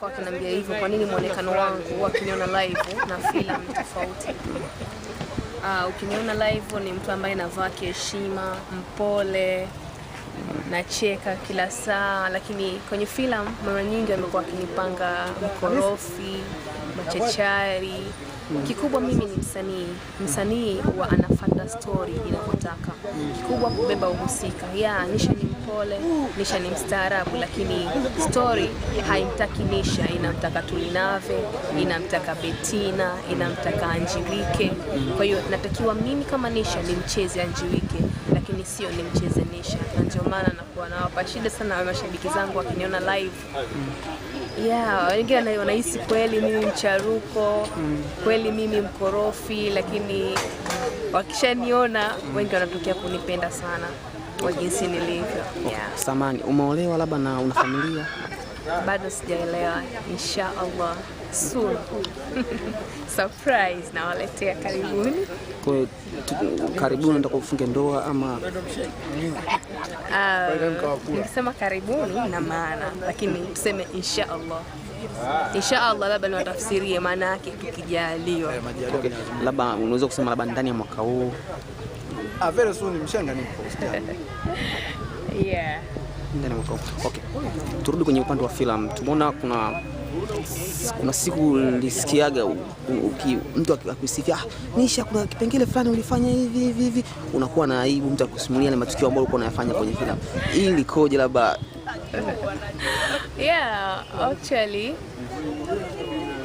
Wakaniambia hivyo, kwa nini mwonekano wangu wakiniona live na filamu tofauti? Uh, ukiniona live ni mtu ambaye navaa kiheshima, mpole, nacheka kila saa, lakini kwenye film mara nyingi wamekuwa wakinipanga mkorofi, machachari. Kikubwa mimi ni msanii, msanii huwa anafata story inavyotaka, kikubwa kubeba uhusika ya nisha ni polepole, Nisha ni mstaarabu, lakini stori haimtaki Nisha, inamtaka Tulinave, inamtaka Betina, inamtaka Anjiwike. Kwa hiyo natakiwa mimi kama Nisha ni mcheze Anjiwike, lakini sio ni mcheze Nisha, na ndio maana nakuwa nawapa shida sana wa mashabiki zangu wakiniona live yeah, wengine wanahisi kweli mimi mcharuko, kweli mimi mkorofi, lakini wakishaniona wengi wanatokea kunipenda sana kwa jinsi nilivyo. Yeah. Samani, umeolewa labda na una familia? Bado sijaelewa, insha Allah soon. Surprise nawaletea karibuni. Kwa karibuni nataka kufunge ndoa ama? Uh, karibuni na maana, lakini tuseme insha Allah Insha Allah labda niwatafsirie maana yake tukijaliwa. Okay. Labda unaweza kusema labda ndani ya mwaka huu Ah, very soon mshanga nipo Yeah. Okay. Turudi kwenye upande wa filamu. Tumeona kuna kuna siku lisikiaga mtu akusifia, ah, Nisha, kuna kipengele fulani ulifanya hivi hivi hivi, unakuwa na aibu mtu akusimulia ile matukio ambayo ulikuwa unayafanya kwenye filamu. Hii likoje? Labda yeah, actually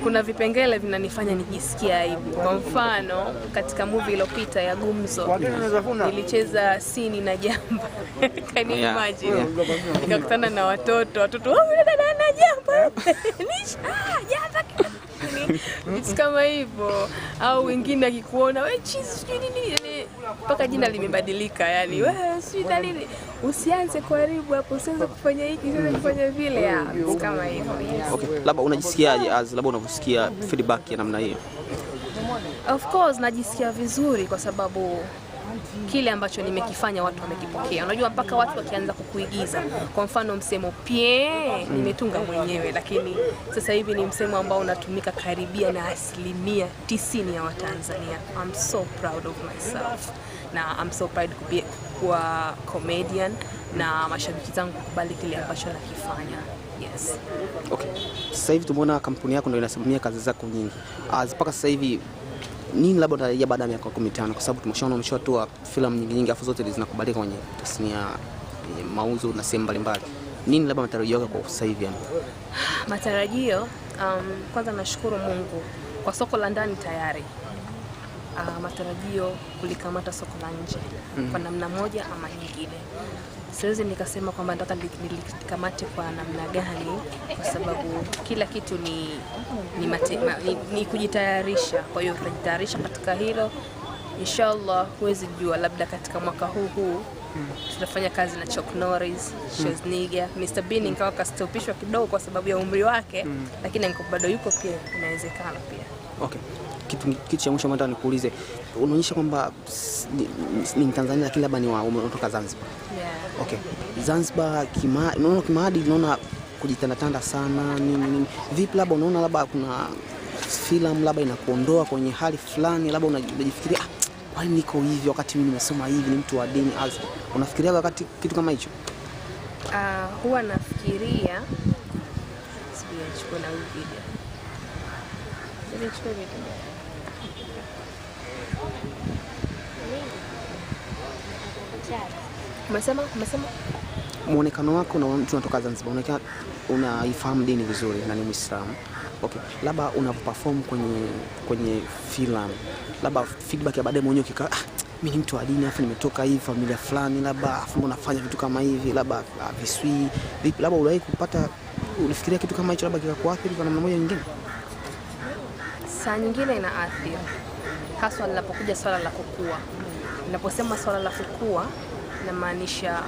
kuna vipengele vinanifanya nijisikia aibu. Kwa mfano, katika movie iliyopita ya Gumzo nilicheza sini na jamba can you imagine? Nikakutana na watoto watoto, oh, na jamba ah, kama hivyo, au wengine akikuona we sijui nini mpaka jina limebadilika, yani mm. wewe si dalili, usianze kuharibu hapo, usianze kufanya hiki, usianze kufanya vile, mm. kama hivyo. Okay, labda unajisikiaje as labda unavyosikia feedback ya namna hiyo? Of course najisikia vizuri kwa sababu kile ambacho nimekifanya watu wamekipokea. Unajua, mpaka watu wakianza kukuigiza. Kwa mfano msemo pie nimetunga mwenyewe, lakini sasa hivi ni msemo ambao unatumika karibia na asilimia tisini ya Watanzania. I'm so proud of myself na I'm so proud kuwa comedian na mashabiki zangu kukubali kile ambacho nakifanya. Yes. Okay. Sasa hivi tumeona kampuni yako ndio inasimamia kazi zako nyingi ah, mpaka sasa hivi nini labda utarajia baada ya miaka 15 kwa sababu tumeshaona umeshatoa filamu nyingi nyingi, afu zote zinakubalika kwenye tasnia ya mauzo na sehemu mbalimbali. Nini labda matarajio yako kwa sasa hivi? Matarajio um, kwanza nashukuru Mungu kwa soko la ndani tayari uh, matarajio kulikamata soko la nje mm. kwa namna moja ama nyingine. Siwezi nikasema kwamba nataka nilikamate kwa namna gani, kwa sababu kila kitu ni, ni, mate, ma, ni, ni kujitayarisha. Kwa hiyo utajitayarisha katika hilo Inshallah, huwezi jua, labda katika mwaka huu huu Hmm. tutafanya kazi na Chuck Norris, mm. Schwarzenegger, Mr Bean mm. ingawa kastopishwa kidogo kwa sababu ya umri wake hmm. lakini bado yuko pia, inawezekana pia okay kitu kitu cha mwisho ambacho nikuulize, unaonyesha kwamba ni Mtanzania lakini labda ni unatoka Zanzibar. Yeah. Okay. Zanzibar kima, unaona kimaadi, unaona kujitandatanda sana nini nini. Vipi labda unaona labda kuna filamu labda inakuondoa kwenye hali fulani, labda unajifikiria ah, nini niko hivi wakati mimi nimesoma hivi, ni mtu wa dini alfa. Unafikiria wakati kitu kama hicho? Uh, huwa nafikiria sijui achukua na video The next way we can do muonekano wako na mtu unatoka Zanzibar unaonekana unaifahamu dini vizuri na ni Muislamu. Okay, labda unapoperform kwenye kwenye filamu, labda feedback ya baadaye mwenyewe ukikaa, ah, mimi ni mtu wa dini afu nimetoka hii familia fulani, labda afu mbona vitu kama hivi, labda ah, viswi vipi, labda uliwahi kupata ulifikiria kitu kama hicho, labda kikakuathiri kwa namna moja nyingine? saa nyingine ina athiri haswa linapokuja swala la kukua. inaposema swala la kukua, inamaanisha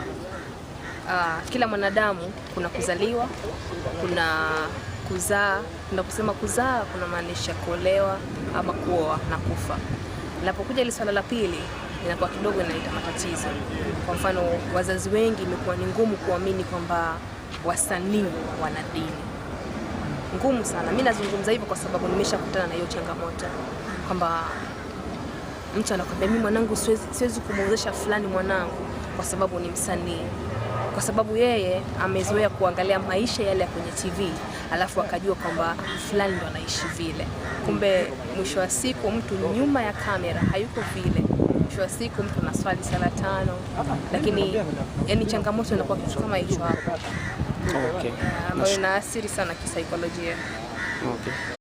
uh, kila mwanadamu kuna kuzaliwa, kuna kuzaa. Inaposema kuzaa, kuna maanisha kuolewa ama kuoa na kufa. inapokuja ile swala la pili inakuwa kidogo inaleta matatizo. Kwa mfano, wazazi wengi imekuwa ni ngumu kuamini kwamba wasanii wana dini ngumu sana. Mimi nazungumza hivyo kwa sababu nimeshakutana na hiyo changamoto kwamba mtu anakwambia mimi mwanangu siwezi, siwezi kumwezesha fulani mwanangu kwa sababu ni msanii, kwa sababu yeye amezoea kuangalia maisha yale ya kwenye TV alafu akajua kwamba fulani ndo anaishi vile. Kumbe mwisho wa siku mtu nyuma ya kamera hayuko vile. Mwisho wa siku mtu anaswali sala tano, lakini yani changamoto inakuwa kitu kama hicho hapo okay. ambayo inaathiri sana kisaikolojia. Okay.